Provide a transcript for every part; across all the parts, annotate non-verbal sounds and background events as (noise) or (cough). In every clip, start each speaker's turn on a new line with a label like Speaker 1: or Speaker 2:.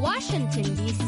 Speaker 1: Washington,
Speaker 2: D.C.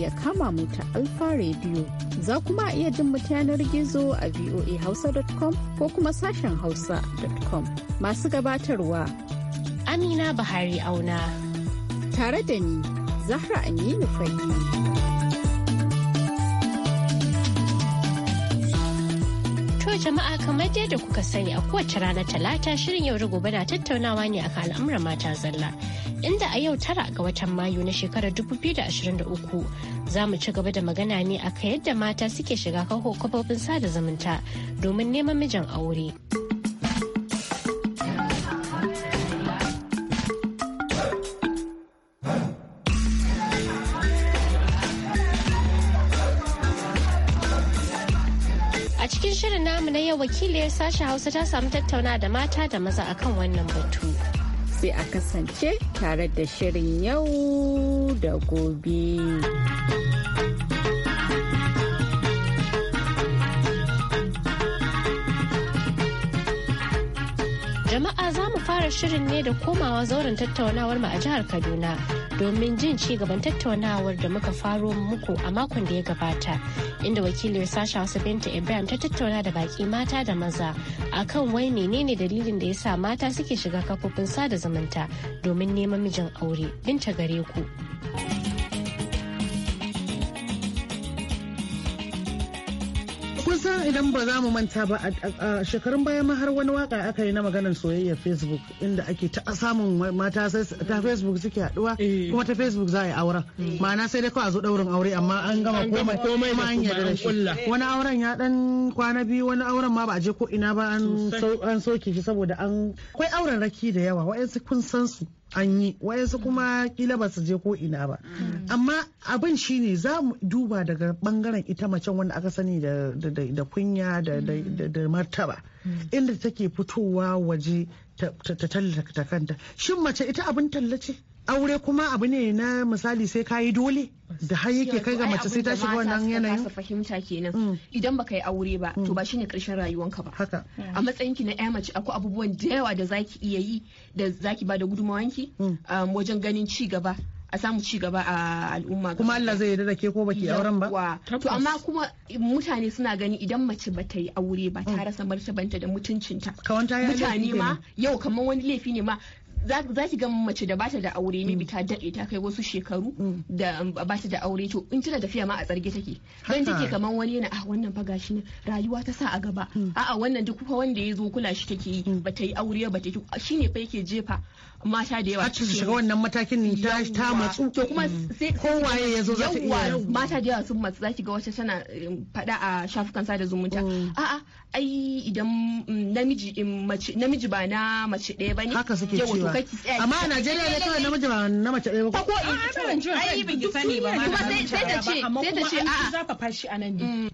Speaker 2: iya kama mu ta Alfa Radio. Za kuma iya jin mu ta yanar gizo a voahausa.com ko kuma sashen hausa.com. Masu gabatarwa.
Speaker 1: Amina Bahari Auna. Tare da ni, Zahra Aminu Fahimi. jama'a kamar yadda kuka sani a kowace rana talata shirin yau gobe na tattaunawa ne akan al'amuran mata zalla inda a yau tara ga watan Mayu na shekarar 2023 za mu ci gaba da magana ne a kan yadda mata suke shiga kafofin sada zumunta domin neman mijin aure. cikin shirin namu na yau wakiliyar sashen hausa ta samu tattauna da mata da maza akan wannan batu.
Speaker 2: sai a kasance tare da shirin yau da gobe.
Speaker 1: Jama'a za fara shirin ne da komawa zauren tattaunawar mu a jihar Kaduna domin jin ci gaban tattaunawar da muka faro muku a makon da ya gabata inda wakilin sasha Hausa Binta Ibrahim ta tattauna da baki mata da maza akan wai menene dalilin da yasa mata suke shiga kafofin sada zumunta domin neman mijin aure. Binta gare ku.
Speaker 3: idan ba za mu manta ba a shekarun baya ma har wani waka aka yi na maganar soyayyar facebook inda ake ta samun mata ta facebook suke haduwa eh. kuma ta facebook za a yi auren eh. ma'ana sai dai kawai a zo daurin aure amma an gama komai kuma an yarda da shi wani auren ya dan kwana biyu wani auren ma ba a je ko ina ba an soke shi saboda an akwai auren raki da yawa wa'yansu kun san su an yi wayansu kuma kila ba su je ko ina ba mm. amma abin shine za mu duba daga bangaren ita macen wanda aka sani da kunya da mm. martaba mm. inda take fitowa waje ta tallata kanta shin mace ita abin tallace aure kuma abu ne na misali sai ka yi dole
Speaker 4: da har yake kai ga mace sai ta shiga wannan yanayin ka fahimta kenan mm. idan baka yi aure ba to mm. ba shine karshen rayuwanka ba haka a matsayin ki na ƴa mace akwai abubuwan da yawa da zaki iya yi da zaki ba da ki mm. um, wajen ganin ci gaba a samu ci gaba a al'umma kuma
Speaker 3: Allah zai yarda da ke ko baki auren ba
Speaker 4: to amma kuma mutane suna gani idan mace ba ta yi aure ba ta rasa martabanta da mutuncinta mutane ma yau kamar wani laifi ne ma za ki ga mace da bata da aure mai mm. ta daɗe ta kai wasu shekaru mm. da um, bata da aure to in tana tafiya ma a tsarge take ban take kamar wani yana ah wannan fa gashi ne rayuwa ta sa a gaba mm. a'a wannan duk fa wanda ya zo kula shi take yi bata yi aure ba ta ne fa yake jefa mata da yawa har shiga wannan matakin ta ta matsu to kuma sai kowaye ya zo za ta iya mata da yawa sun matsu zaki ga wata tana um, fada a shafukan sada zumunta mm. a'a ai idan mm, namiji um, mace namiji ba na mace ɗaya bane haka suke cewa amma a Najeriya ne kawai namiji ba na mace ɗaya ba ko ah, ai ban sani ba
Speaker 5: sai ta ce sai ta ce a'a za ka fashi mm. anan ne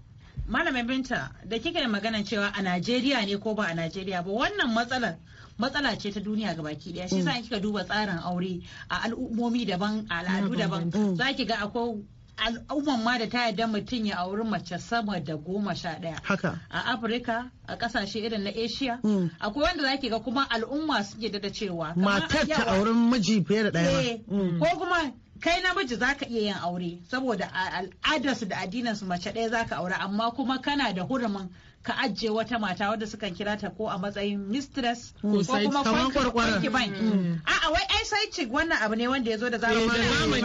Speaker 5: Malamin Binta da kika da magana cewa a Najeriya ne ko ba a Najeriya ba wannan matsalar matsala ce ta duniya ga baki daya shi mm. yasa kika duba tsarin aure a al'ummomi daban a al'adu mm, daban mm, za ki ga akwai al'umman ma da ta yarda mutum ya auri mace sama da goma sha ɗaya. Haka. A Afirka, a ƙasashe irin na Asia. Akwai wanda za ki ga kuma al'umma suke da cewa. Matar ta
Speaker 3: auren miji fiye da ɗaya. Eh,
Speaker 5: ko kuma kai namiji zaka iya yin aure saboda al'adarsu da addinansu mace ɗaya zaka aure amma kuma kana da hurumin ka ajiye wata mata wadda sukan kira ta ko a matsayin mistress ko kuma kwanki ban a a wai ai sai ci wannan abu ne wanda ya zo da eh, zama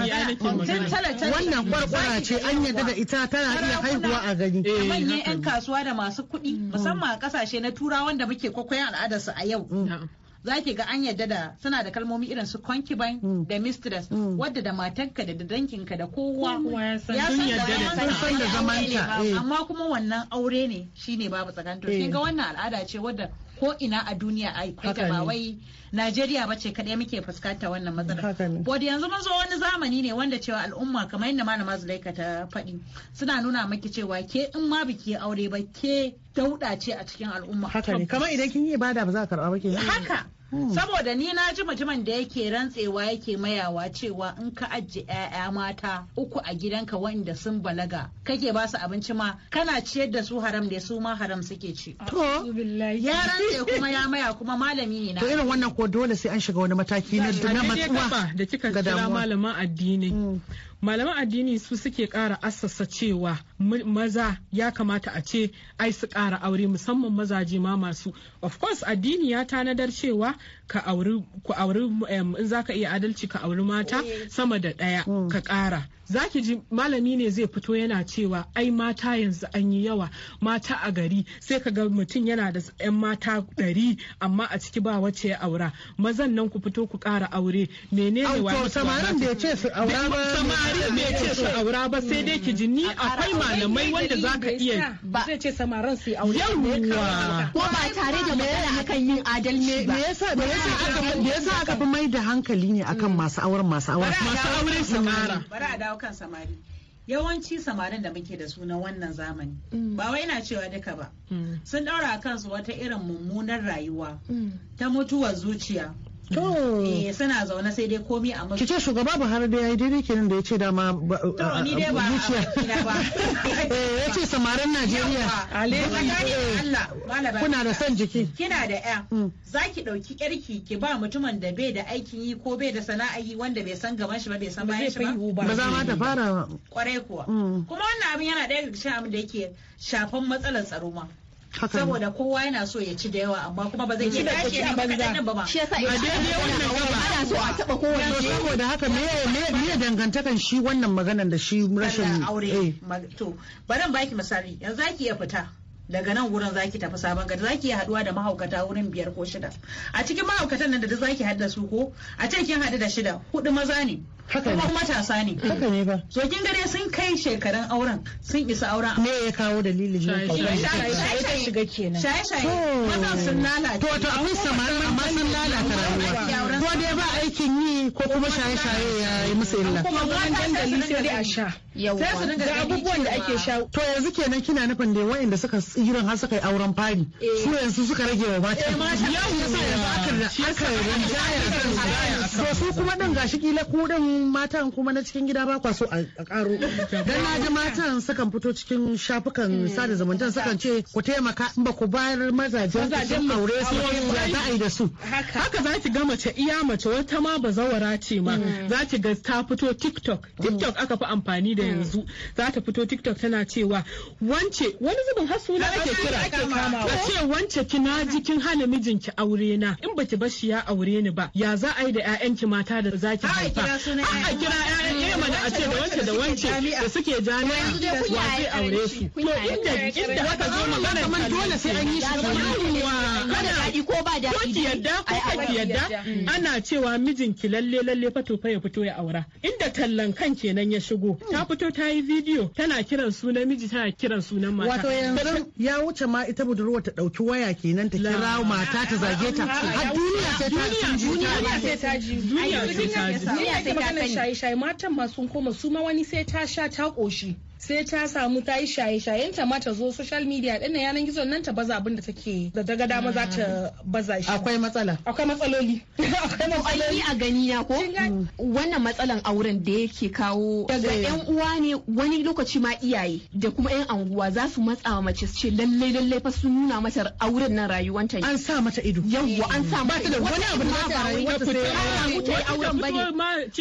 Speaker 5: wannan
Speaker 3: kwarkwara ce an yadda da ita tana iya haihuwa a gani eh, manyan yan
Speaker 5: kasuwa da masu kuɗi mm. musamman a kasashe na turawa wanda muke kwakwayan al'adarsu a yau mm. za ki ga an yadda da suna da kalmomi irin su concubine mm. da mistress mm. wadda da matanka da dankinka da kowa ya san da zaman eh. amma kuma wannan aure ne shine babu tsakanto shi ga eh. wannan al'ada ce wadda ko ina a duniya a ita ba wai Najeriya ba ce muke fuskanta wannan matsalar. Wadda yanzu mun zo wani zamani ne wanda cewa al'umma kamar yadda malama Zulaika ta faɗi suna nuna maki cewa ke in ma biki aure ba ke dauɗa ce a cikin al'umma. Haka ne kamar idan
Speaker 3: kin yi ibada ba za ka karɓa ba ke. Haka
Speaker 5: Hmm. saboda ni na ji mutumin da yake rantsewa yake mayawa cewa in ka ajiye ƴaƴa mata uku a gidanka wanda sun balaga kake ba su abinci ma kana ciyar da su haram da su ma haram suke ci to ya rantse kuma ya maya kuma malami ne na to irin
Speaker 3: wannan ko dole sai an shiga wani mataki na matsuwa da kika kira malaman
Speaker 6: addini hmm. malaman addini su suke kara assasa cewa maza ya kamata a ce ai su kara aure musamman mazaje ma masu of course addini ya tanadar cewa ka auri ku auri in zaka iya adalci ka auri mata eh. sama da ɗaya hmm. ka ƙara zaki ji malami ne zai fito yana cewa ai mata yanzu an yi yawa mata a gari sai ka ga mutum yana da 'yan mata ɗari amma a ciki ba wacce ya aura mazan nan ku fito ku ƙara aure menene wa samarin bai ce su aura ba samarin bai ce su aura ba sai dai ki ji ni akwai malamai wanda zaka iya zai ce samarin su aure
Speaker 3: ko
Speaker 4: ba tare da magana hakan yin adalci ba me yasa
Speaker 3: yasa aka fi mai da hankali ne akan mm. masu auren masu auren masu auren samari
Speaker 5: bari a dawo kan samari yawanci samarin da muke da su na wannan zamani mm. ba wai na cewa duka ba mm. sun ɗaura a kansu wata irin mummunar rayuwa ta mutuwar zuciya
Speaker 3: To. Eh
Speaker 5: suna zaune sai dai komi a musu. Kice
Speaker 3: shugaba Buhari dai yayi daidai kenan da yace dama To ni dai ba a ba. (laughs) Eh yace samarin Najeriya. Eh. Allah kuna da
Speaker 5: san jiki. Kina da ƴa. Hmm. Zaki dauki ƴarki ki ba mutumin da bai da aikin yi ko bai da sana'a yi wanda bai san gaban shi ba bai san bayan shi ba. Ba za ma ta fara. Kwarai kuwa. Hmm. Kuma wannan abin yana daya daga cikin abin da yake shafan matsalar tsaro ma. saboda kowa yana so ya ci da yawa amma kuma ba zai ci da ci a ba shi yasa a daidai wannan gaba ana
Speaker 3: so a taba kowanne saboda haka me me dangantakan shi wannan maganar da shi rashin aure eh.
Speaker 5: to bari baki misali yanzu zaki ya fita daga nan wurin zaki tafi sabon gari zaki iya haduwa da mahaukata wurin biyar ko shida a cikin mahaukatan nan da duk zaki haɗu da su ko a ce kin haɗu da shida hudu maza ne kuma matasa ne haka ne ba so kin gare sun kai shekarun auren sun isa auren me ya kawo dalilin shaye shaye shiga kenan
Speaker 6: shaye shaye mazan sun oh. lalace to to abin samar amma sun lalata rayuwa dai ba
Speaker 3: aikin yi ko kuma shaye-shaye ya yi musu illa. Kuma wani dandali sai dai a sha. Yawwa. Da abubuwan da ake sha. To yanzu kenan kina nufin da wayanda suka tsiran har suka yi auren fari. Eh. Su yanzu suka rage wa mata. Eh, Yau ya sa yanzu aka da aka rinjaya. To su kuma din gashi kila ku din matan kuma na cikin gida ba kwa so a
Speaker 7: karo.
Speaker 6: Dan
Speaker 3: na ji matan sukan fito cikin shafukan hmm. sada zumunta sukan ce ku taimaka in ba ku bayar mazajen ku aure su ya za a yi da su. Haka za ki gama ce
Speaker 6: iya mace wata ma bazawara ce ma mm. za ki ga ta fito tiktok mm. tiktok aka fi amfani da mm. yanzu za ta fito tiktok tana cewa wance wani zubin hasu suna ake kira ta ce wance kina jikin hana mijinki aure na in baki bar shi ya aure ni ba ya za a yi da ƴaƴanki mata da ki haifa a kira ƴaƴan eh, mana a ce da wance da wance da suke jami'a wa zai aure su to inda inda aka zo magana kamar dole sai an yi shi kada ko ba da yadda ko yadda ana yana cewa mijin ki lalle lalle fato fa ya fito ya aura inda tallan kan kenan ya shigo ta fito ta yi bidiyo tana kiran sunan miji tana kiran sunan mata wato yanzu
Speaker 3: ya wuce ma ita budurwa ta dauki waya kenan ta kira mata ta zage ta a duniya sai ta ji duniya sai ta ji duniya sai ta ji duniya sai ta ji
Speaker 6: matan ma sun koma su ma wani sai ta sha ta koshi sai ta samu ta yi shaye-shayen ta ma ta zo social media din yanar gizon nan
Speaker 4: ta baza abin da take da daga dama za ta baza shi akwai matsala akwai matsaloli (laughs) akwai matsaloli a gani na ko wannan matsalan auren da yake kawo daga yan eh. uwa ne wani lokaci ma iyaye da kuma yan anguwa za su matsa mace su ce lalle lalle fa sun nuna mata auren nan rayuwanta an sa mata ido yawwa an sa mata da wani abu da ta rayuwanta sai auren bane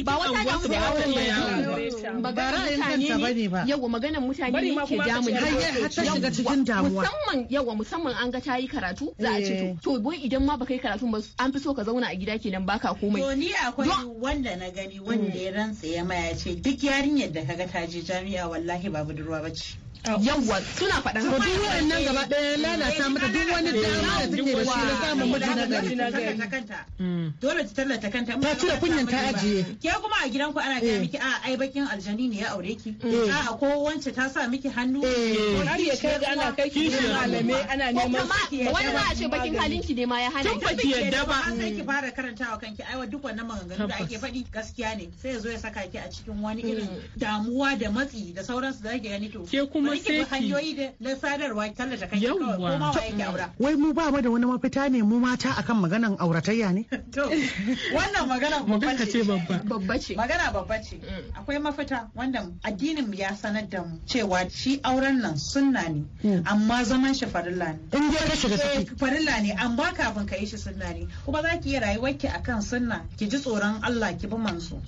Speaker 4: ba wata da auren bane ba ra'ayin kanta bane ba Ba maganar mutane ne ke damun har ta shiga cikin damuwa musamman yawa musamman an ga ta yi karatu za a ce to eh. wai idan ma baka yi karatu ba an fi so ka zauna a gida kenan baka komai to ni
Speaker 5: akwai wanda na gani wanda mm. ya rantsa ya maya ce duk yarinyar da kaga ta je jami'a wallahi ba budurwa bace Oh. yawwa suna faɗan haka duk gaba ɗaya lalata mata duk wani dama da take da shi na samun na gari dole ta tallata kanta ta cire kunyan ta ajiye ke kuma a gidanku ana ga eh. miki a ai bakin aljani ne ya aure ki eh. a ko wance ta sa miki hannu eh. har ya kai ana kai ki malame ana neman wani a ce bakin halinki ne ma ya hana ki yadda ba sai ki fara karantawa kanki ai duk wannan maganganu da ake faɗi gaskiya ne sai ya zo ya saka ki a cikin wani irin damuwa da matsi da sauransu da ake gani to ke kuma kuma hanyoyi da sadarwa tallata kai kawai kuma ma waye aura
Speaker 3: (laughs) wai mu ba mu da wani mafita ne mu mata akan maganan auratayya ne
Speaker 5: (laughs) to wannan magana babba ce babba ce magana babba ce mm. akwai mafita wanda addinin ya sanar da mu cewa shi auren nan sunna ne mm. amma zaman shi farilla ne in dai ka shiga eh, ciki farilla ne amma kafin ka yi shi sunna ne kuma za ki yi rayuwarki akan sunna ki ji tsoron Allah ki bi manzo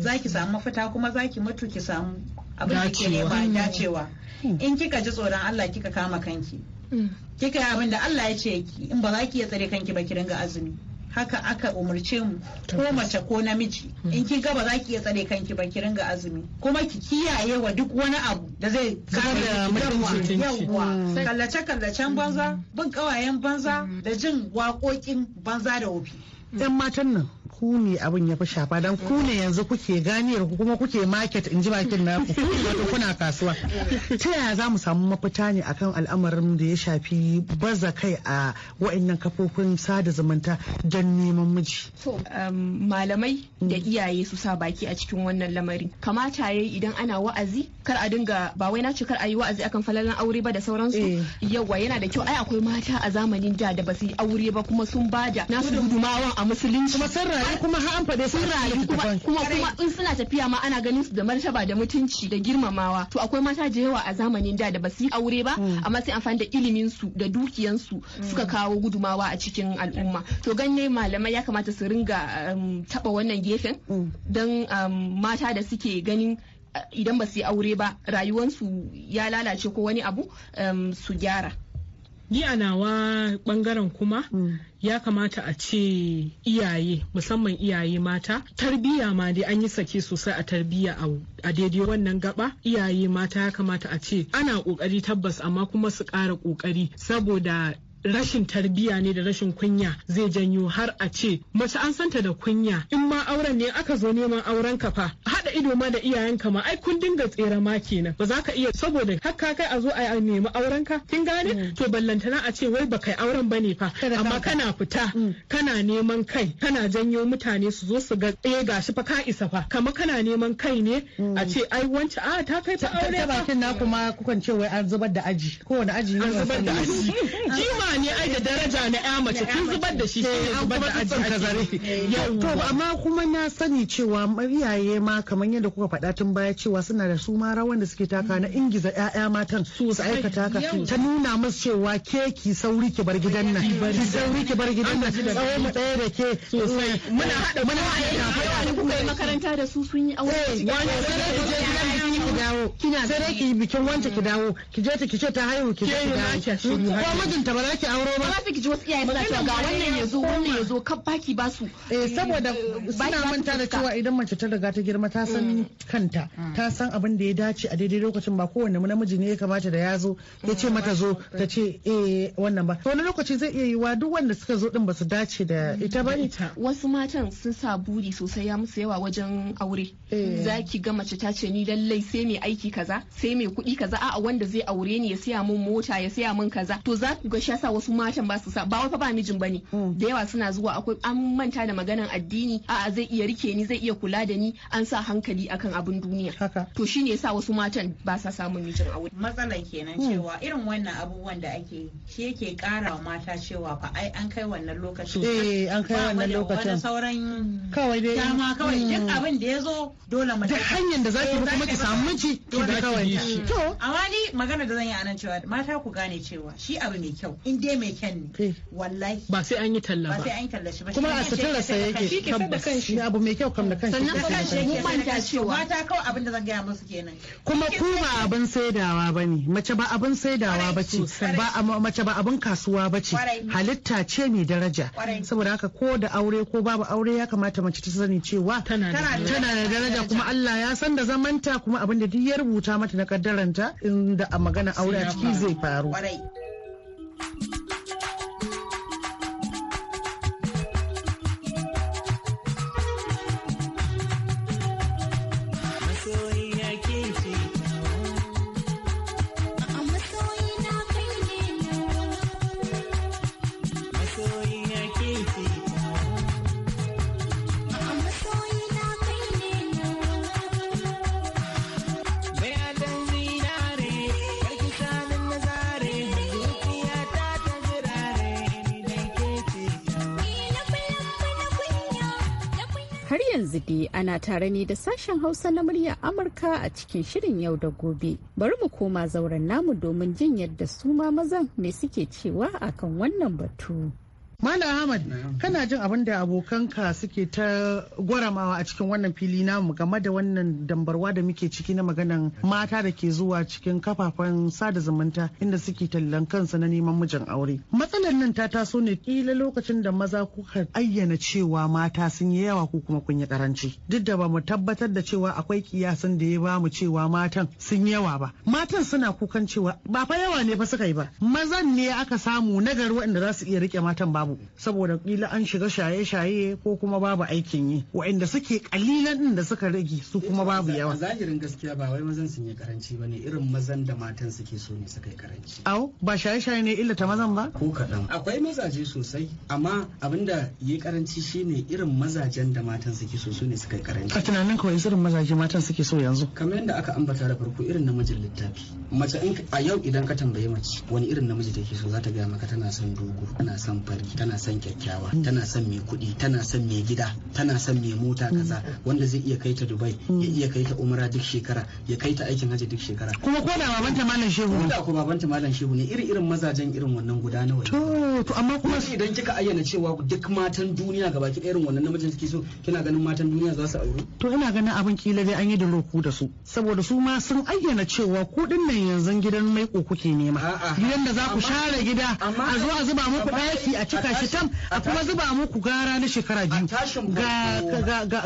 Speaker 5: za ki samu mafita kuma za ki mutu ki samu
Speaker 8: abin da ke nema dacewa
Speaker 5: hmm. in kika ji tsoron Allah kika kama kanki hmm. kika yi abin da Allah ya ce ki in ba za ki iya tsare kanki ba ki ringa azumi haka aka umarce mu ko mace ko namiji hmm. in ki ga ba za ki iya tsare kanki ba ki ringa azumi kuma ki kiyaye wa duk wani abu da zai kare mutunci yawwa kallace kallacen banza bin kawayen banza da jin waƙoƙin banza da wofi yan
Speaker 3: matan nan ku ne abin ya fi shafa dan ku ne yanzu kuke ganiyar ku kuma kuke market in ji bakin naku wato kuna kasuwa ta yaya za mu samu mafita ne akan al'amarin da ya shafi baza kai a wa'annan kafofin sada zumunta don neman miji
Speaker 4: um, malamai da iyaye su sa baki a cikin wannan lamari kamata yayi idan ana wa'azi kar a dinga ba wai na ce kar a yi wa'azi akan falalan aure ba da sauransu eh. yawa yana da kyau ai akwai mata a zamanin da da ba su yi aure ba kuma sun bada nasu gudumawan
Speaker 3: a musulunci kuma sun
Speaker 4: rayu kuma har an fade sun rayu kuma kuma in suna tafiya ma ana ganin su da martaba da mutunci da girmamawa to akwai mata da yawa a zamanin da da ba su yi aure ba hmm. amma sai amfani da ilimin su da dukiyan su hmm. suka kawo gudumawa a cikin al'umma to ganne malamai ya kamata su ringa um, taba wannan gefen hmm. dan um, mata da suke ganin uh, idan ba su yi aure ba rayuwansu ya lalace ko wani abu um, su gyara
Speaker 6: ni a nawa bangaren kuma mm. ya kamata a ce iyaye musamman iyaye mata tarbiyya ma dai an yi sake sosai a tarbiyya a daidai wannan gaba iyaye mata ya kamata a ce ana kokari tabbas amma kuma su kara kokari saboda rashin tarbiya ne da rashin kunya zai janyo har a ce mace an santa da kunya in ma auren ne aka zo neman auren ka fa haɗa ido ma da iyayenka ma ai kun dinga tsere ma kenan ba za ka iya saboda ka kai a zo a nemi auren ka kin gane mm. to ballantana a ce wai baka yi auren bane fa amma kana fita mm. kana neman kai kana janyo mutane su zo su ga eh gashi fa ka isa fa kama kana neman kai ne mm. a ce ai wance
Speaker 3: a ah, ta kai ta aure ba kin na kuma kukan ce wai an zubar da aji kowane aji ne an zubar da aji (laughs) ne ai da daraja na ya mace kun zubar da shi shi zubar da ajin kazare to amma kuma na sani cewa iyaye ma kamar yadda kuka faɗa tun baya cewa suna da su ma rawan da suke taka na ingiza ƴaƴa matan su aikata ka ta nuna musu cewa ke ki sauri ki bar gidan nan ki sauri ki bar gidan nan tsawo mu ɗaya da ke sosai muna
Speaker 4: haɗa muna haɗa kuka yi makaranta da su sun yi aure eh,
Speaker 3: kina sai ki bikin wanta ki dawo ki je ta ki ce ta haihu ki je ki dawo ko mijinta ba za ki auro ba ba ki ji wasu iyaye maza cewa ga wannan ya zo wannan ya zo kan baki ba su eh saboda eh, suna manta da cewa idan mace ta riga ta girma ta san mm. kanta mm. ta san abin da ya dace a daidai lokacin ba kowanne namiji ne ya kamata da ya zo ya ce mata zo mm. ta ce eh wannan ba wani lokaci zai iya yiwa duk wanda suka zo din ba su dace da ita ba
Speaker 4: wasu matan sun sa buri sosai ya musu yawa wajen aure eh. za ki ga mace ta ce ni lallai sai mai aiki kaza sai mai kuɗi kaza a'a wanda zai aure ni ya siya mun mota ya siya mun kaza to za ku ga shi yasa wasu matan ba su sa ba wai fa ba mijin bane mm. da yawa suna zuwa akwai an manta da maganan addini a'a zai iya rike ni zai iya kula da ni an sa hankali akan abin duniya to shine yasa wasu matan ba sa samun mijin a wuri
Speaker 5: matsalan kenan mm. cewa irin wannan abubuwan da ake shi yake kara wa mata cewa fa ai an kai wannan lokacin eh an kai wannan lokacin sauran mm. kawai dai dama kawai duk abin da ya zo dole mu da hanyar da zaki bi kuma ki samu miji ki bi kawai to Amma ni magana da zan yi anan cewa mata ku gane cewa shi abu mai kyau in dai mai kyan ne eh. wallahi ba sai an yi talla ba Ba sai an yi talla
Speaker 3: shi ba kuma a sa satara sa yake kan da kan shi. abu mai kyau kan da kan shi. sannan kuma shi mun manta cewa mata kawai abin da
Speaker 5: zan gaya musu kenan
Speaker 3: kuma ku ba abin saidawa ne. mace ba abin saidawa bace ba mace ba abin kasuwa ba ce. halitta ce mai daraja saboda haka ko da aure ko babu aure ya kamata mace ta sani cewa tana da daraja Tana da daraja kuma Allah ya san da zamanta kuma abin da duk ya rubuta mata na kaddaranta inda a magana aure a ciki zai faru.
Speaker 2: yanzu dai ana tare ne da sashen Hausa na muryar Amurka a cikin shirin yau da gobe. Bari mu koma zauren namu domin jin yadda su ma mazan me suke cewa akan wannan batu. Malam Ahmad kana jin abin da abokanka suke
Speaker 3: ta gwaramawa a cikin wannan fili namu game da wannan dambarwa da muke ciki na maganan mata da ke zuwa cikin kafafen sada zumunta inda suke tallan kansu na neman mijin aure. Matsalar nan ta taso ne kila lokacin da maza kuka ayyana cewa mata sun yi yawa ko kuma kun yi karanci. Duk da ba mu tabbatar da cewa akwai kiyasin da ya ba mu cewa matan sun yi yawa ba. Matan suna kukan cewa ba fa yawa ne fa suka yi ba. Mazan ne aka samu na garuwa inda za su iya rike matan babu samu saboda kila an shiga shaye-shaye ko kuma babu aikin yi wa'inda suke kalilan din da suka rage su kuma babu yawa
Speaker 7: zahirin gaskiya ba wai mazan sun yi karanci bane irin mazan da matan suke so ne suka yi karanci
Speaker 3: au ba shaye-shaye ne ta mazan ba ko kadan
Speaker 7: akwai mazaje sosai amma abinda yi karanci shine irin mazajen da matan suke so su ne suka yi karanci a tunanin kawai irin mazaje matan suke so yanzu kamar yadda aka ambata da farko irin namijin littafi mace a yau idan ka tambaye mace wani irin namiji take so za ta gaya maka tana son dogo tana son fari tana son kyakkyawa tana son mai kuɗi tana son mai gida tana son mai mota kaza wanda zai iya kai ta dubai ya iya kai ta umara duk shekara ya kai ta aikin haji duk shekara kuma ko da babanta malam shehu ne ko babanta malam shehu ne iri irin mazajen irin wannan guda nawa to to amma kuma idan kika ayyana cewa duk matan duniya gaba ki irin wannan namijin suke so kina ganin matan duniya za su aure
Speaker 3: to ina ganin abin kila dai an yi da roku da su saboda su ma sun ayyana cewa kuɗin nan yanzu gidan mai kuke nema gidan da za ku share gida a zo a zuba muku ɗaki a cika ga shi tam a kuma zuba muku gara na shekara biyu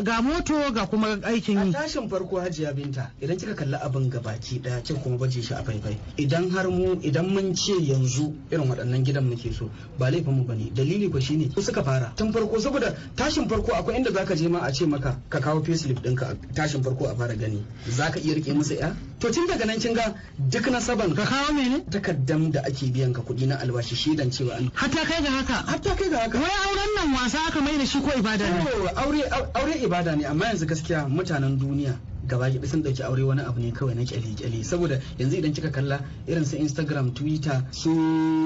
Speaker 3: ga moto ga kuma aikin yi a
Speaker 7: tashin farko hajiya binta idan kika kalla abin gabaki daya kika kuma baje shi a faifai idan har mu idan mun ce yanzu irin waɗannan gidan muke so ba laifin mu bane dalili ba shine su suka fara tun farko saboda tashin farko akwai inda zaka je ma a ce maka ka kawo payslip ɗinka tashin farko a fara gani zaka iya rike musu ya to tun daga nan kin ga duk na nasaban ka kawo mene takaddam da ake biyan ka kuɗi na albashi shedan cewa an hata kai ga haka har kai auren nan wasa aka mai da shi ko ibada ne aure aure ibada ne amma yanzu gaskiya mutanen duniya gaba ki sun dauki aure wani abu ne kawai na kyale-kyale saboda yanzu idan kika kalla irin su instagram twitter su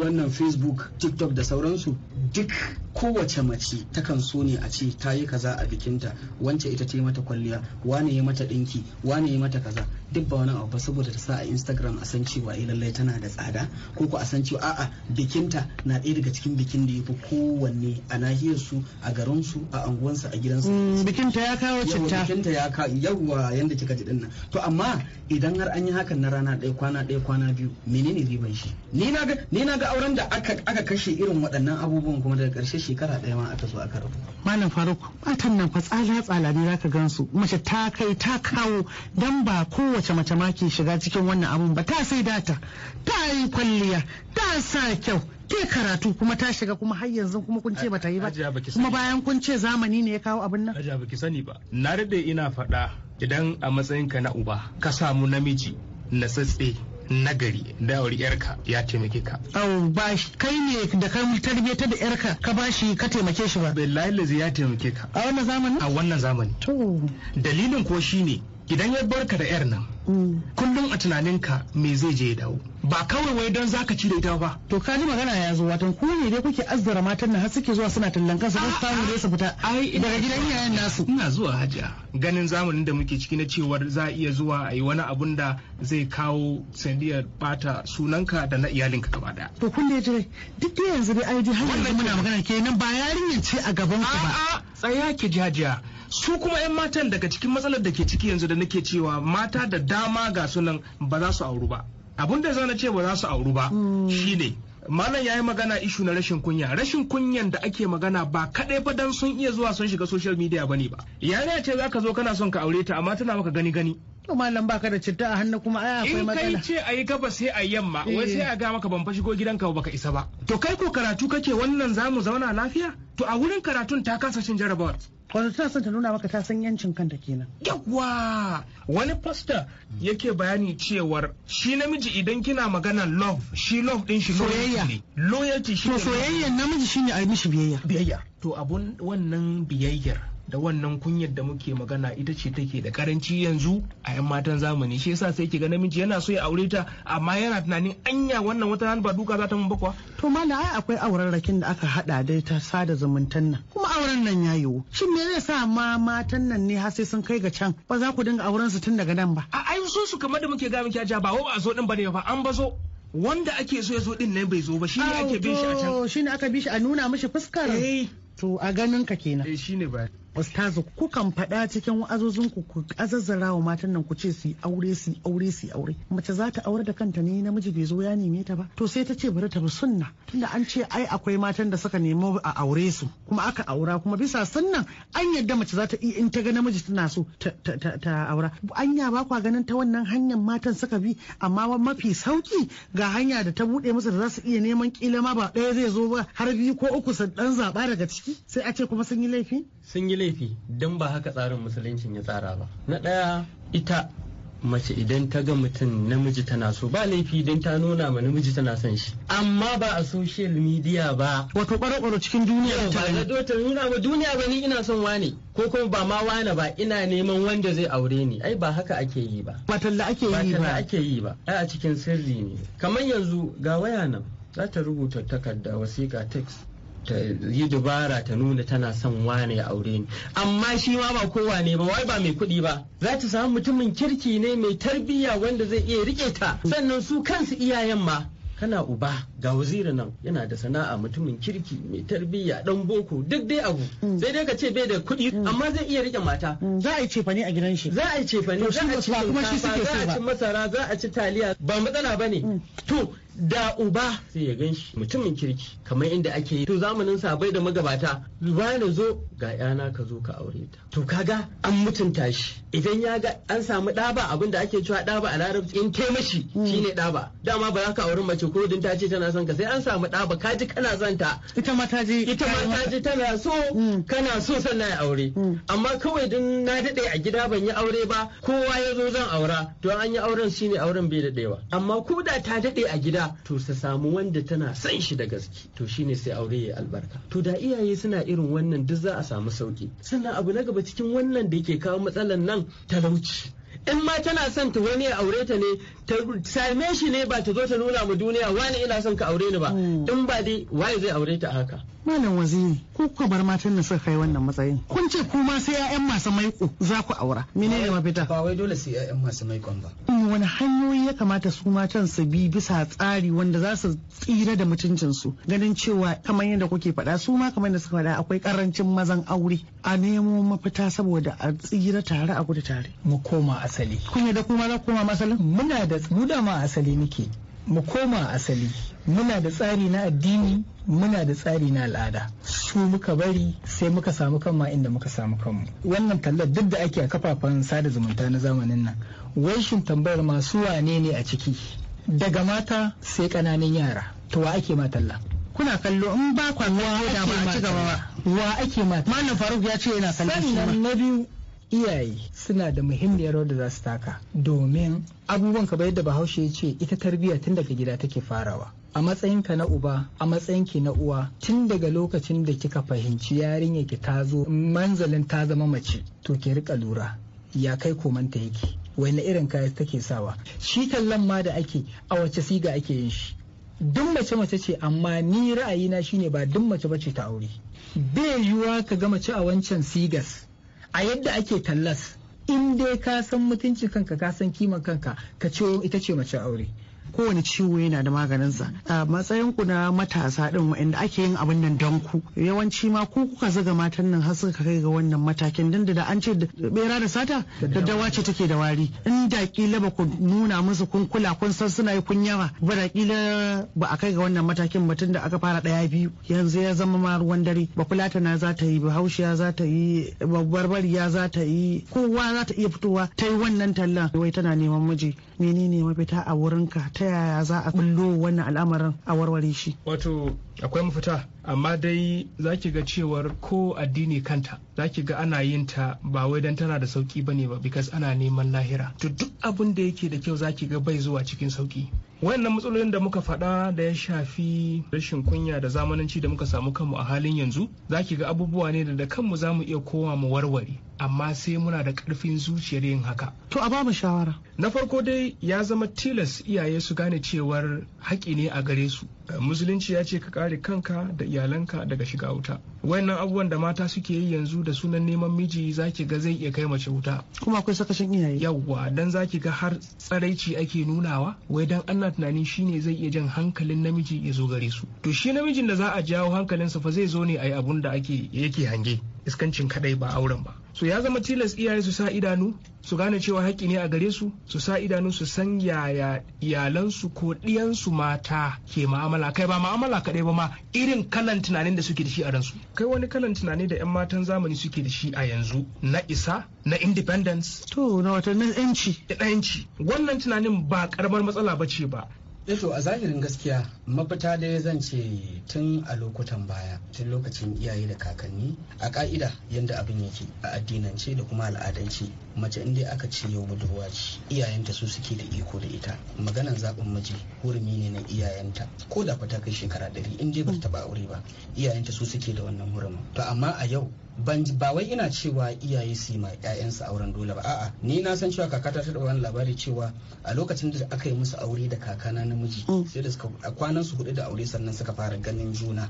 Speaker 7: wannan facebook tiktok da sauransu duk kowace mace takan so ne a ce ta yi kaza a bikinta wance ita ta yi mata kwalliya wane ya mata dinki wane ya mata kaza duk ba wani abu saboda ta sa a instagram a san cewa eh lallai tana da tsada ko ko a san cewa a'a bikinta na ɗaya daga cikin bikin da ya fi kowanne a nahiyar su a garin su a anguwansu a gidansu mm, bikinta ya kawo citta bikinta ya kawo yawwa yanda kika ji dinnan to amma idan har an yi hakan na rana ɗaya kwana ɗaya kwana biyu menene riban shi ni na ga ni na ga auren da aka aka kashe irin waɗannan abubuwan kuma daga ƙarshe shekara ɗaya ma aka zo aka rabu
Speaker 3: malam faruk matan nan fa tsala tsala ne zaka gansu mace ta kai ta kawo dan ba kowa kowace mace ma ke shiga cikin wannan abun ba ta sai data ta yi kwalliya ta sa kyau ke karatu kuma ta shiga kuma har yanzu kuma kun ce ba ta yi ba kuma bayan kun ce zamani ne ya kawo abin nan ajiya baki
Speaker 9: sani ba na rade ina faɗa idan a matsayinka na uba ka samu namiji na tsatse nagari da yawar yarka ya taimake ka.
Speaker 8: Au ba kai
Speaker 9: ne da ka tarbiyyar da yarka ka ba shi ka taimake shi ba. Bai lazi ya taimake ka. A wannan zamani? A wannan zamani. To. Dalilin ko shi ne idan ya barka da yar nan
Speaker 3: mm. kullum a tunaninka me zai je ya dawo ba kawai wai don zaka ci cire ita ba to ka ji magana ya zo watan ku ne dai kuke azzara matan nan har suke zuwa suna tallan kansu don samu samu su fita daga gidan yayan nasu ina zuwa hajiya
Speaker 9: ganin zamanin da muke ciki na cewar za a iya zuwa a yi wani abun da zai kawo sandiyar bata sunanka da na iyalinka gaba daya
Speaker 3: to kun da duk da yanzu dai ai har yanzu muna magana kenan ba yarinyar ce a gaban ku ba tsaya ki
Speaker 9: jajiya su kuma 'yan matan daga cikin matsalar da ke ciki yanzu da nake cewa mata da dama ga sunan ba za su auru ba abin da zana ce ba za su auru ba hmm. shi ne. malam ya yi magana ishu na rashin kunya rashin kunyan da ake magana ba kadai ba dan sun iya zuwa sun shiga social media bane ba yana ce za ka zo kana son ka aure ta amma tana maka gani gani
Speaker 3: malam baka da citta a hannu
Speaker 9: kuma ai akwai matsala in kai ce ayi gaba sai a yamma wai eh. sai a ga maka ban fa shigo gidanka ba baka isa ba to kai ko karatu kake wannan zamu zauna lafiya to a wurin karatun ta kasa cin jarabawar wato ta son ta nuna maka ta san yancin kanta kenan Yawwa! wani pasta yake bayani cewar shi namiji idan kina magana love shi love din shi soyayya loyalty shi ne To soyayya namiji shine a mishi biyayya biyayya to abun wannan biyayyar da wannan kunyar da muke magana ita ce take da karanci yanzu a 'yan matan zamani shi yasa sai ga namiji yana so ya aure ta amma yana tunanin anya wannan wata rana ba duka za ta mun bakwa
Speaker 3: to mala ai akwai auren rakin da aka hada da ta sada zumuntan nan kuma auren nan ya yiwu shin me zai sa ma matan nan ne har sai sun kai ga can ba za ku dinga auren su tun daga nan ba
Speaker 9: a ai so su kamar da muke ga miki ba wa ba zo din bane fa an ba zo wanda ake so ya zo din nan bai zo ba shine ake bin shi a can
Speaker 3: shi aka bi shi a nuna mishi fuskar eh. to a ganin ka kenan eh shine ba ustazu kukan faɗa cikin wa'azozin ku ku azazzara wa matan nan ku ce su aure su aure su aure mace za ta aure da kanta ne namiji bai zo ya neme ta ba to sai ta ce bari ta bi sunna tunda an ce ai akwai matan da suka nemo a aure su kuma aka aura kuma bisa sunnan an yadda mace za ta iya in ta ga namiji tana so ta aura anya ba kwa ganin ta wannan hanyar matan suka bi amma mafi sauki ga hanya da ta buɗe musu da za su iya neman kila ma ba ɗaya zai zo ba har biyu ko uku su dan zaba daga ciki sai a ce kuma sun yi laifi
Speaker 10: sun yi laifi don ba haka tsarin musuluncin ya tsara ba na ɗaya ita mace idan ta ga mutum namiji tana so ba laifi idan ta nuna ma namiji tana son shi amma ba a social media ba wato ɓaro cikin duniya ba ta nuna ma duniya ba ni ina son wane ko kuma ba ma wane ba ina neman wanda zai aure ni ai ba haka ake yi ba ba talla ake yi ba ba ake yi ba ai a cikin sirri ne kamar yanzu ga waya nan za ta rubuta takarda wasiƙa text ta yi dubara ta nuna tana son wane ya aure ni amma shi ma ba kowa ne ba wai ba mai kuɗi ba za ta samu mutumin kirki ne mai tarbiyya wanda zai iya rike ta sannan su kansu iyayen ma kana uba ga waziri nan yana da sana'a mutumin kirki mai tarbiyya dan boko duk dai abu mm. sai dai ka ce bai da kuɗi mm. amma zai iya rike mata mm, za a yi cefane a gidan shi za a yi cefane za a ci kuma shi suke so ba za a ci masara za a ci taliya ba matsala bane to da uba sai ya gan shi mutumin kirki kamar inda ake yi to zamanin sabai da magabata na zo ga yana ka zo ka aure ta to kaga an mutunta shi idan ya ga an samu ɗaba abinda ake cewa ɗaba a larabci in Shi mm. shine ɗaba dama ba za ka aure mace ko din ta ce tana son ka sai an samu ɗaba ka ji kana son ta ita ma ta ji ita ma ta ji tana so mm. kana so sannan aure mm. amma kawai din na daɗe a gida ban yi aure ba kowa ya zo zan aura to an yi auren shine auren bai daɗewa amma ko da ta daɗe a gida gida to su samu wanda tana son shi da gaske to shine sai aure ya albarka to da iyaye suna irin wannan duk za a samu sauki sannan abu na gaba cikin wannan da yake kawo matsalan nan talauci in ma tana son ta wani ya aure ta ne ta same shi ne ba ta zo ta nuna ma duniya wani ina son ka aure ni ba mm. in ba dai waye zai aure ta haka
Speaker 3: malam waziri ko kuka bar matan nan suka kai wannan matsayin kun ce kuma sai ƴaƴan masu maiko za ku aura
Speaker 7: menene mafita ba wai dole sai ƴaƴan masu maikon ba
Speaker 3: mm, wani hanyoyi ya kamata su matan su bi bisa tsari wanda za su tsira da mutuncin su ganin cewa kamar yadda kuke faɗa su ma kamar da suka faɗa akwai karancin mazan aure a nemo mafita saboda a tsira tare a gudu tare mu koma asali kun yadda kuma za ku koma asalin
Speaker 8: muna da mu da ma asali muke mu koma asali muna da tsari na addini muna da tsari na al'ada su muka bari sai muka samu kanmu inda muka samu kanmu wannan tallar duk da ake a kafafen sada zumunta na zamanin nan wai shin tambayar masu wane ne a ciki daga mata sai kananan yara to wa ake ma talla kuna kallo in ba kwanwa wa ake ma wa ake ma malam faruk ya ce yana kallon sannan na biyu iyaye suna da muhimmiyar rawar da za su taka domin abubuwan ka yadda bahaushe ya ce ita tarbiyya tun daga gida take farawa a matsayinka na uba a matsayin ki na uwa tun daga lokacin da kika fahimci yarinya ki ta zo manzalin ta zama mace to ki rika lura ya kai komanta yake wani irin kaya take sawa shi kallon ma da ake a wace siga ake yin shi duk mace mace ce amma ni ra'ayina shine ba duk mace bace ta aure bai yiwuwa ka ga mace a wancan sigas a yadda ake tallas in dai ka san mutuncin kanka ka san kiman kanka ka ce ita ce mace aure
Speaker 3: kowane ciwo yana da maganinsa a matsayin ku na matasa din wa'anda ake yin abin nan don ku yawanci ma ku kuka zaga matan nan har suka kai ga wannan matakin din da an ce bera da sata da dawa ce take da wari inda kila ba ku nuna musu kun kula kun san suna yi kun yawa ba da kila ba a kai ga wannan matakin ba tun da aka fara daya biyu yanzu ya zama ma ruwan dare ba na za ta yi bahaushiya za ta yi barbariya za ta yi kowa za ta iya fitowa ta yi wannan tallan wai tana neman miji menene mafita a wurinka ta yaya za a kullo wannan al'amarin a warware shi wato
Speaker 9: akwai mafita amma dai za ki ga cewar ko addini kanta za ki ga ana yin ta ba wai don tana da sauki ba ne ba bikas ana neman lahira to duk abin da yake da kyau za ki ga bai zuwa cikin sauki wayannan matsalolin da muka faɗa da ya shafi rashin kunya da zamananci da muka samu kanmu a halin yanzu za ki ga abubuwa ne da da kanmu za mu iya kowa mu warware amma sai muna da ƙarfin zuciyar yin haka to a ba shawara na farko dai ya zama tilas iyaye su gane cewar haƙi ne a gare su musulunci ya ce ka kare kanka da iyalanka daga shiga wuta wayannan abubuwan da mata suke yi yanzu da sunan neman miji zaki ga zai iya kai mace wuta kuma akwai sakashin iyaye yawwa dan zaki ga har tsaraici ake nunawa wai dan ana tunanin shine zai iya jan hankalin namiji ya zo gare su to shi namijin da za a jawo hankalinsa fa zai zo ne ayi abun da ake yake hange iskancin kadai ba auren ba so ya zama tilas iyaye su sa idanu su gane cewa haƙƙi ne a gare su su sa idanu su san yaya iyalansu ko ɗiyansu mata ke ma'amala kai ba ma'amala kaɗai ba ma irin kalan tunanin da suke da shi a ransu kai wani kalan tunani da 'yan matan zamani suke da shi a yanzu na isa na independence to na watannin yanci da yanci wannan tunanin
Speaker 7: ba karamar matsala ba ce ba Eto eh a zahirin gaskiya mafita dai zan ce tun a lokutan baya tun lokacin iyaye da kakanni a ka'ida yadda abin yake a addinance da kuma al'adance mace in dai aka ce yau budurwa ce iyayenta su suke da iko da ita maganan zaɓin miji hurumi ne na iyayenta ko da fata kai shekara ɗari in dai ba ta ba aure ba iyayenta su suke da wannan hurumin to amma a yau ban ba wai ina cewa iyaye su ma ƴaƴansu auren dole ba a'a ni na san cewa kaka ta da wani labari cewa a lokacin da aka yi musu aure da kakana namiji mm. sai da suka kwanan su hudu da aure sannan suka fara ganin juna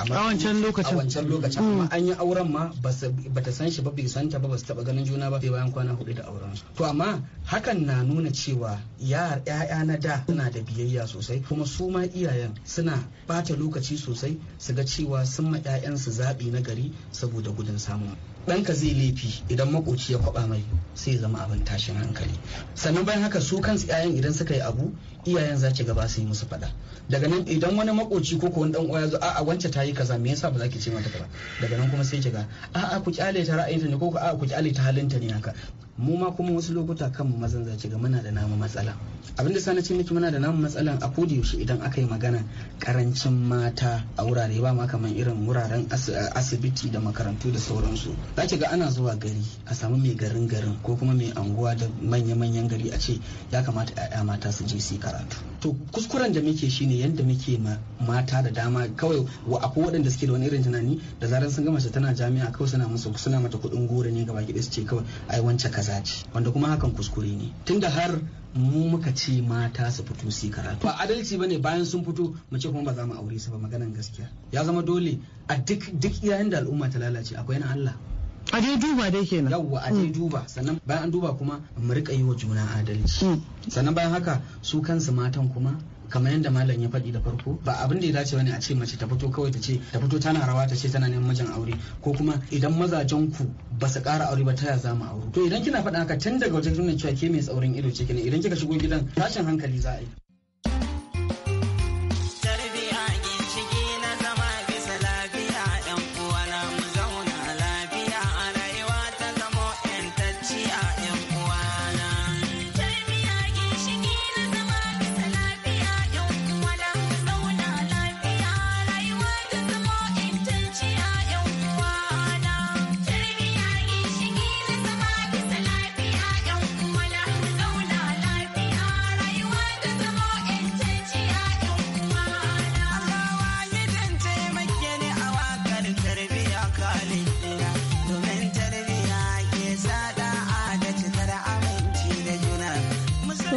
Speaker 7: a wancan lokacin a wancan lokacin amma an yi auren ma ba ta san shi ba bai san ta ba basu taba ganin juna ba sai bayan kwana hudu da auren to amma hakan na nuna cewa yar ƴaƴa na da suna da biyayya sosai kuma su ma iyayen suna bata lokaci sosai su ga cewa sun ma ƴaƴansu zaɓi na gari saboda gudun samu ɗanka zai laifi idan makoci ya kwaba mai sai zama abin tashin hankali sannan bayan haka su kansu ƴaƴan idan suka yi abu iyayen za ki gaba su yi musu fada daga nan idan wani makoci ko ko dan uwa ya zo a'a wance ta yi kaza me yasa ba za ki ce mata ba daga nan kuma sai ki ga a'a ku kyale ta ra'ayinta ne ko a'a ku kyale ta halinta ne haka mu ma kuma wasu lokuta kan kanmu mazan za ki ga muna da namu matsala abin da sana miki muna da namu matsalan a kodi yaushe idan aka yi magana karancin mata a wurare ba ma kamar irin wuraren asibiti da makarantu da sauransu za ki ga ana zuwa gari a samu mai garin garin ko kuma mai anguwa da manya-manyan gari a ce ya kamata 'ya'ya mata su je su karatu to kuskuren da muke shine yadda muke ma mata da dama kawai wa akwai waɗanda suke da wani irin tunani da zarar sun gama tana jami'a kawai suna musu suna mata kuɗin goro ne gaba ki su ce kawai ai wance kaza ce wanda kuma hakan kuskure ne tunda har mu muka ce mata su fito su karatu ba adalci bane bayan sun fito mu ce kuma ba za mu aure su ba maganan gaskiya ya zama dole a duk duk yayin da al'umma ta lalace akwai na Allah a dai duba dai kenan yawwa a dai mm. duba sannan bayan an duba kuma mu rika yi wa juna adalci mm. sannan bayan haka su kansu matan kuma kamar yadda malam ya faɗi da farko ba abin da ya dace bane a ce mace ta fito kawai ta ce ta fito tana rawa ta ce tana neman mijin aure ko kuma idan mazajen ku ba su ƙara aure ba ta ya za mu aure to idan kina faɗa haka tun daga wajen nuna cewa ke mai tsaurin ido ce kenan idan kika shigo gidan tashin hankali za a yi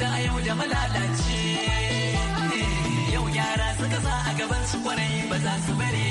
Speaker 2: ta a yau
Speaker 4: da malalaci eh, yau gyara suka sa a gaban su kwarai ba za su bare